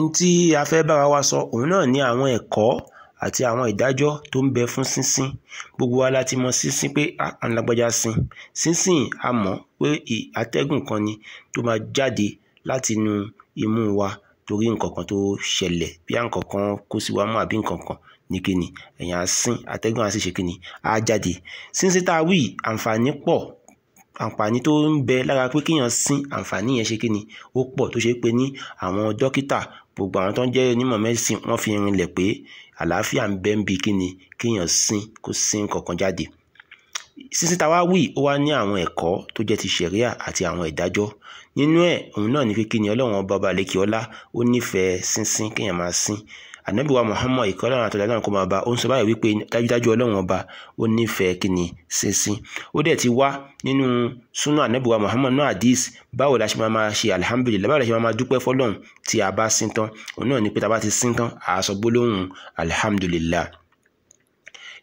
n tí a fẹ́ bára wa sọ òun náà ni àwọn ẹ̀kọ́ àti àwọn ìdájọ́ tó ń bẹ fún sínsín gbogbo wa la ti mọ sínsín pé alágbájá ah, sin sínsín a mọ̀ pé atẹ́gùn kan ni tó máa jáde láti inú imú wa torí nǹkan kan tó ṣẹlẹ̀ bí a kan kó sí wa mọ́ àbí nǹkan kan ní kíni èèyàn á sín atẹ́gùn á sì ṣe kíni á jáde sínsín tá a wí àǹfààní pọ̀ àǹfààní tó ń bẹ lára pé kéèyàn sín àǹfààní yẹn ṣe kíni ó pọ̀ tó ṣe pé ní àwọn dókítà gbogbo àwọn tó ń jẹ́ onímọ̀ mẹ́sìn wọ́n fi rinlẹ̀ pé àlàáfíà ń bẹ ń bi kíni kéèyàn sín kó sín kankan jáde sísìn tá a wá wí ó wá ní àwọn ẹ̀kọ́ tó jẹ́ ti ṣẹ̀ríà àti àwọn ìdájọ́ nínú ẹ̀ òun náà ní pé kíni ọlọ́run ọba balẹ̀kíọ́lá ó nífẹ̀ẹ́ sínsín kéèyàn máa sín ànábì wa muhammad ìkọ́lá àti ọ̀dà náà kó máa bá ó ń sọ báyìí wípé dájúdájú ọlọ́run ọba ó nífẹ̀ẹ́ kíni sínsín ó dẹ̀ ti wá nínú súnà ànábì wa muhammad náà hadis báwo la ṣe máa máa ṣe alihamudulilayi báwo la ṣe máa máa dúpẹ́ fọlọ́run tí a bá sín tán òun náà ni pé tá a bá ti sín tán àá sọ alihamudulilayi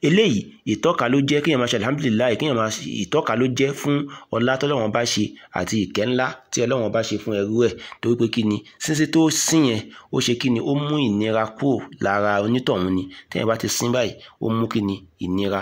eléyìí ìtọ́ka ló jẹ́ kéèyàn máa ṣe alihamudulilayi kéèyàn máa ṣe ìtọ́ka ló jẹ́ fún ọlá tọ́lọ́wọ́n bá ṣe àti ìkẹ́ ńlá tí ọlọ́wọ́n bá ṣe fún ẹrú ẹ̀ torí pé kí ni sínsín tó sìn yẹn ó ṣe kí ni ó mú ìnira kúrò lára onítọ̀hún ni téèyàn bá ti sín báyìí ó mú kí ni ìnira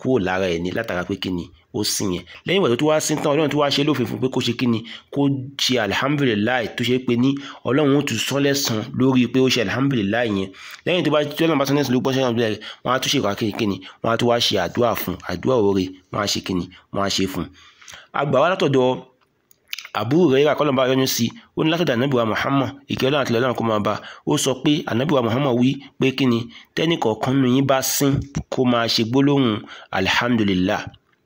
kúrò lára ẹ̀ ní látara pé kí ni ó sìn yẹn lẹ́yìn ìgbà tó tún wá sí tán ọlọ́run tó wá ṣe lófin fún pé kó ṣe kí ni kó ṣe alihamudulilayi tó ṣe pé ní ọlọ́run ó tún sán lẹ́sàn lórí pé ó ṣe alihamudulilayi yẹn lẹ́yìn tó bá tí ọlọ́run bá sán lẹ́sàn ló gbọ́ sẹ́yìn ọ̀dọ́ rẹ̀ wọ́n á tún ṣe ìwà kí ni wọ́n á tún wá ṣe àdúrà fún àdúrà oore wọ́n á ṣe kí ni wọ́n á ṣe fún un. àgbà wa látọ̀dọ̀ Abu Hurairah kọ́lọ́mbà yọ́nú sí ó ní látọ̀dọ̀ ànábìwá Muhammad ìkẹ́ ọlọ́run àtìlẹ́ ọlọ́run kó máa bá ó sọ pé ànábìwá Muhammad wí pé kí ni tẹ́nì kọ̀ọ̀kan nínú yín bá sín kó máa ṣe gbólóhùn alhamdulillah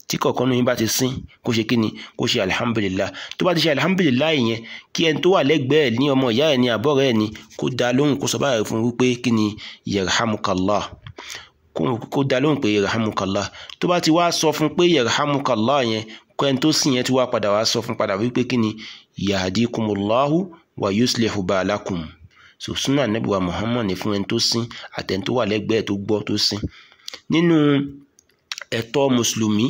tí kọ̀ọ̀kan nínú yín bá ti sín kó ṣe kí ni kó ṣe alhamdulillah tó bá ti ṣe alhamdulillah yẹn kí ẹni tó wà lẹ́gbẹ̀ẹ́ ní ọmọ ìyá ẹ̀ ní àbọ̀ rẹ̀ ni kó dá lóhùn kó sọ ni yarhamukallah kó dá lóhùn pé yarhamukallah tó bá ti wá sọ fún pé yarhamukallah yẹn kẹ́ni tó sìn yẹn ti wá padà wá sọ fún padà wípé kí ni yahdikumullahu wa yuslihu balakum so sunna Ànábì wa Muhammad ni fún ẹni tó sìn àtẹni tó wà lẹ́gbẹ̀ẹ́ tó gbọ́ tó sìn nínú ẹ̀tọ́ mùsùlùmí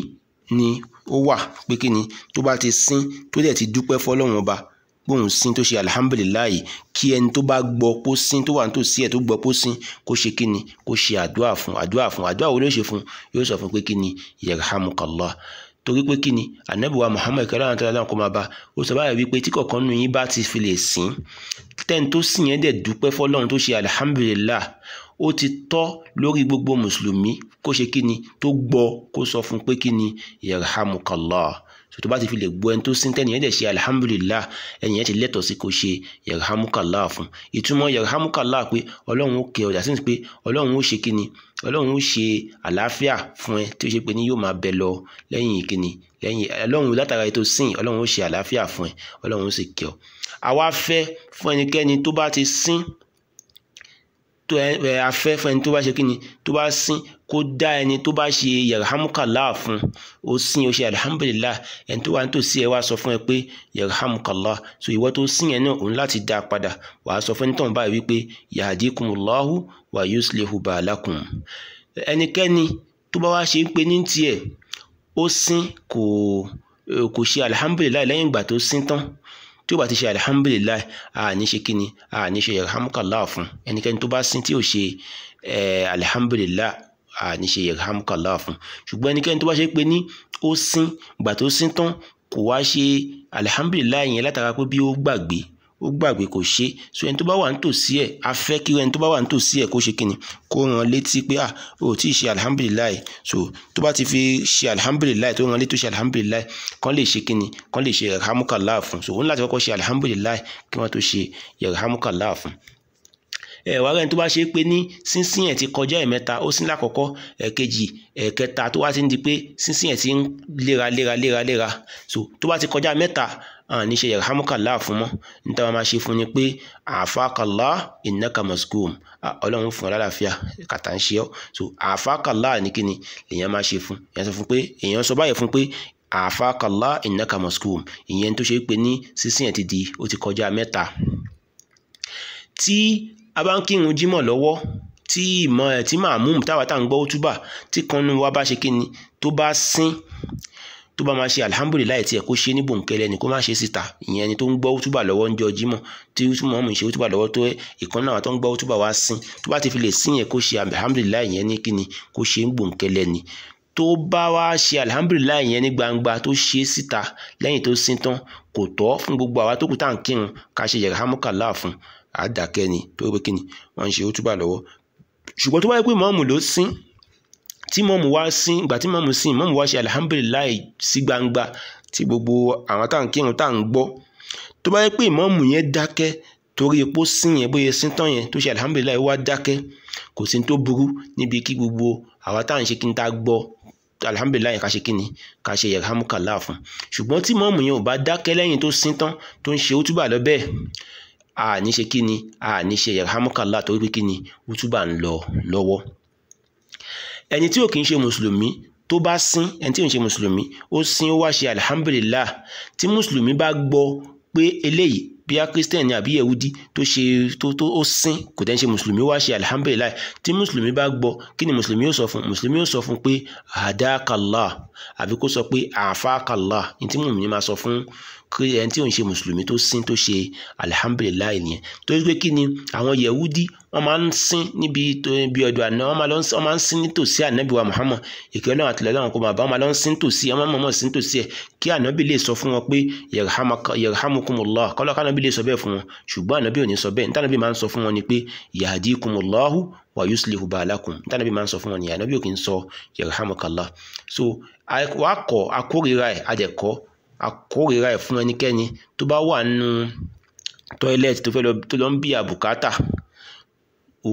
ni ó wà pé kí ni tó bá ti sìn tó dẹ̀ ti dúpẹ́ fọlọ́run ọba gbóhùn sín tó ṣe alihamudulilayi kí ẹni tó bá gbọ́ kó sín tó wà ní tòsí ẹ̀ tó gbọ́ kó sín kó ṣe kí ni kó ṣe àdúrà fún àdúrà fún àdúrà wo ló ṣe fún yóò sọ fún pé kí ni yarhamukallah torí pé kí ni ànábìwá Muhammad kẹlẹ́ àwọn tẹ́lẹ̀ aláǹkó máa bá ó sọ báyìí wípé tí kọ̀ọ̀kan nù yín bá ti fi lè sìn tẹ́ni tó sìn yẹn dẹ̀ dúpẹ́ fọlọ́run tó ṣe alihamudulilah ó ti tọ́ lórí gbogbo mùsùlùmí kó ṣe kí ni tó gbọ́ kó sọ fún pé kí ni yarhamukallah tó bá ti fi lè gbọ́ ẹni tó sín tẹ́nìyẹn dẹ̀ ṣe alihamudulilah ẹnìyẹn ti lẹ́tọ̀ọ́ sí kó ṣe yẹ̀rọ̀hámúkàlá fún ìtumọ̀ yẹ̀rọ̀hámúkàlá pé ọlọ́run ó kẹ́ ọjà sí pé ọlọ́run ó ṣe kíni ọlọ́run ó ṣe àlàáfíà fún ẹ tí ó ṣe pé ní yóò máa bẹ lọ lẹ́yìn kíni lẹ́yìn ọlọ́run látara ètò sìn ọlọ́run ó ṣe àlàáfíà fún ẹ ọlọ́run ó sì kẹ́ ọ àwa fẹ́ fún ẹnikẹ́ni tó bá ti sín tó ẹ afẹ́ fẹ́ni tó bá ṣe kíni tó bá sín kó dá ẹni tó bá ṣe yarhamukallah fún ó sín ó ṣe alhamdulillah ẹni tó wà nítòsí ẹ wá sọ fún ẹ pé yarhamukallah so ìwọ tó sín yẹn náà òun láti dá a padà wàá sọ fún ẹni tọ́hún báyìí wípé yahdikumullahu wa yuslihu balakum ẹnikẹ́ni tó bá wá ṣe ń pe ní tiẹ̀ ó sín kò kò ṣe alhamdulillah lẹ́yìn ìgbà tó sín tán tí ó bá ti ṣe alihamudulilayi àní ṣe kíni àní ṣe yarhamukallah fún ẹnikẹ́ni tó bá sin tí ò ṣe alihamudulilayi àní ṣe yarhamukallah fún ṣùgbọ́n ẹnikẹ́ni tó bá ṣe pé ní ó sin gbà tó sin tán kò wá ṣe alihamudulilayi yẹn látara pé bí ó gbàgbé ó gbàgbé kò ṣe é so ẹni tó bá wà nítòsí ẹ̀ a fẹ́ kí ẹni tó bá wà nítòsí ẹ̀ kó ṣe kíni kó rán létí pé ah o tí ì ṣe alihamudulilayi so tó bá ti fi ṣe alihamudulilayi tó rán létí tó ṣe alihamudulilayi kán lè ṣe kíni kán lè ṣe yẹ̀rẹ̀hámúkàlá fún so òun láti kọ́kọ́ ṣe alihamudulilayi kí wọ́n tó ṣe yẹ̀rẹ̀hámúkàlá fún ẹ̀wà rẹ̀ tó bá ṣe pé ní sínsìn ẹ̀ ti kọjá ẹ̀mẹ́ta ó sín lákọ̀ọ́kọ́ ẹ̀kejì ẹ̀kẹta tó wá ti ń di pé sínsìn ẹ̀ ti ń léra so tó bá ti kọjá mẹ́ta àní ṣe yarhamukallah fún mọ́ níta wọn máa ṣe fún ni pé àfàkàlá innaka maskum ọlọ́run fún ọ lálàáfíà kàtà ń ṣe ọ́ so àfàkàlá ní kíni lèèyàn máa ṣe fún èèyàn sọ fún pé èèyàn sọ báyìí fún pé àfàkàlá innaka maskum ìyẹn tó ṣe pé ní sísìn ẹ̀ ti di ó ti kọjá mẹ́ta tí a bá ń kírun jímọ̀ lọ́wọ́ tí ìmọ̀ ẹ̀ tí màmúù táwa tá ń gbọ́ ó túbà tí kan tó bá máa ṣe alihamudulilayi tiẹ̀ kó ṣe ní bòńkẹ́lẹ́ ni kó má ṣe síta ìyẹn ẹni tó ń gbọ́ túbà lọ́wọ́ ń jọ jímọ̀ tí mọ̀ọ́mù ṣe túbà lọ́wọ́ tó ìkan náà tó ń gbọ́ túbà wá sín tó bá ti fi lè sín yẹn kó ṣe alihamudulilayi yẹn ní kíni kó ṣe ń bòńkẹ́lẹ́ ni tó bá wá ṣe alihamudulilayi yẹn ní gbangba tó ṣe síta lẹ́yìn tó sín tán kò tọ́ fún gbogbo àwa tó kù tá ṣùgbọ́n tó wáyé pé mọ̀ọ́mù ló sín tí mọ̀mù wá sí ìgbà tí mọ̀mù sí mọ̀mù wá ṣe alihamudulilayi sí gbangba tí gbogbo àwọn tá à ń kírun tá à ń gbọ́ tó bá yẹ pé ìmọ̀mù yẹn dákẹ́ torí epo sí yẹn bóyá sí tán yẹn tó ṣe alihamudulilayi wá dákẹ́ kò sí tó burú níbi kí gbogbo àwa tá à ń ṣe kí n ta gbọ́ alihamudulilayi ká ṣe kí ni ká ṣe yarhamukallah fún ṣùgbọ́n tí mọ̀mù yẹn ò bá dákẹ́ lẹ́yìn tó sí tán tó ń ṣe ó túbà lọ bẹ́ẹ̀ àní kí ni àní ṣe yarhamukallah torí pé kí ni ó túbà ń lọ lọ́wọ́ ẹni tí ò kì í ṣe mùsùlùmí tó bá sín ẹni tí ò ń ṣe mùsùlùmí ó sín ó wá ṣe alihamudulilah tí mùsùlùmí bá gbọ́ pé eléyìí bíyà christian ni àbí yehudi tó ṣe tó tó ó sín kò tẹ́ ń ṣe mùsùlùmí wá ṣe alihamudulilah tí mùsùlùmí bá gbọ́ kí ni mùsùlùmí yóò sọ fún mùsùlùmí yóò sọ fún pé hadakallah àbí kó sọ pé àfàkallah ní tí mùmí máa sọ fún ẹni tí òun ṣe mùsùlùmí tó sin tó ṣe alihamdulilayi nìyẹn torí pé kí ni àwọn yẹwúdí wọ́n máa ń sin níbi ibi ọ̀dọ̀ àná wọ́n máa ń sin nítòsí ànábì wa Muhammad ìkẹ́ náà àtìlẹ́ náà kó máa bá wọn máa lọ sin tòsí ẹ máa mọ̀ sin tòsí ẹ kí ànábì lè sọ fún wọn pé yarhamukumullah kọ́lọ́ kánábì lè sọ bẹ́ẹ̀ fún wọn ṣùgbọ́n ànábì ò ní sọ bẹ́ẹ̀ nítànábì máa ń sọ fún wọn àkórira ẹ̀ fún ẹnikẹ́ni tó bá wà nínú tọ́ílẹ̀tì tó fẹ́ lọ tó lọ ń bí àbùkátà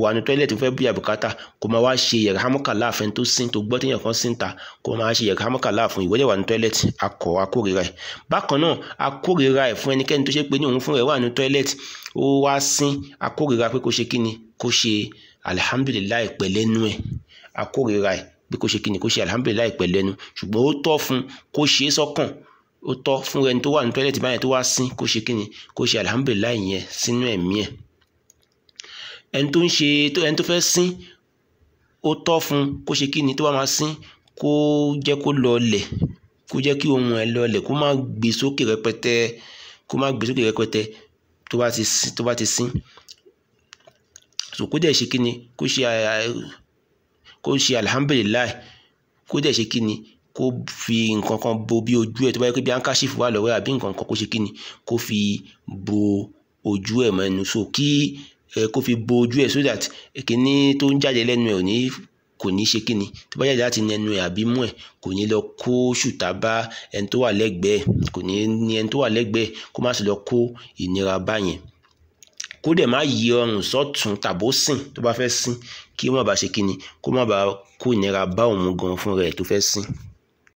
wà ní tọ́ílẹ̀tì tó fẹ́ bí àbùkátà kó máa wá ṣe yẹ̀rẹ̀ hámọ́kà láàfin tó sin tó gbọ́ téèyàn kan sin ta kó máa ṣe yẹ̀rẹ̀ hámọ́kà láàfin ìwé lè wà ní tọ́ílẹ̀tì akọ̀ àkórira ẹ̀ bákan náà àkórira ẹ̀ fún ẹnikẹ́ni tó ṣe pé ní òun fúnra ẹ̀ wà ní tọ́ílẹ̀tì ó wá sin àkórira pé kó ṣe kíni kó ṣe alihamdulilayi pẹ̀lẹ́nu ẹ̀ àkórira ẹ̀ pé kó ṣe kíni kó ṣe alihamdulilayi pẹ̀lẹ́nu ṣùgbọ́n ó tọ́ fún kó ṣe é sọ́kàn ó tọ́ fún ẹni tó wà ní tọ́lẹ̀tì báyẹn tó wá sín kó ṣe kíni kó ṣe alihamudulilayi yẹn sínú ẹ̀mí ẹ̀ ẹni tó ń ṣe ẹni tó fẹ́ sín ó tọ́ fún kó ṣe kíni tó bá máa sín kó jẹ́ kó lọlẹ̀ kó jẹ́ kí ohun ẹ̀ lọlẹ̀ kó má gbé sókè rẹpẹtẹ kó má gbé sókè rẹpẹtẹ tó bá ti tó bá ti sín kó dẹ̀ ṣe kíni kó ṣe kó kó dẹ̀ ṣe kíni kó fi nǹkan kan bo bí ojú ẹ̀ tó bá yẹ pé bí handkerchief wà lọ́wọ́ àbí nǹkan kan kó ṣe kí ni kó fi bo ojú ẹ̀ mẹ́nu so kí ẹ kó fi bo ojú ẹ̀ so that kíní tó ń jáde lẹ́nu ẹ̀ ò ní kò ní ṣe kíni tó bá jáde láti ẹnu ẹ̀ àbí mú ẹ̀ kò ní lọ kó ṣùtá bá ẹni tó wà lẹ́gbẹ̀ẹ́ kò ní ní ẹni tó wà lẹ́gbẹ̀ẹ́ kó má sì lọ kó ìnira bá yẹn kó dẹ̀ má yí ọrùn sọ́tún tàbó sìn tó bá fẹ́ sìn kí ó má ṣe kíni kó má bàa kó ìnira bá òun gan fúnra ẹ̀ tó fẹ́ sìn.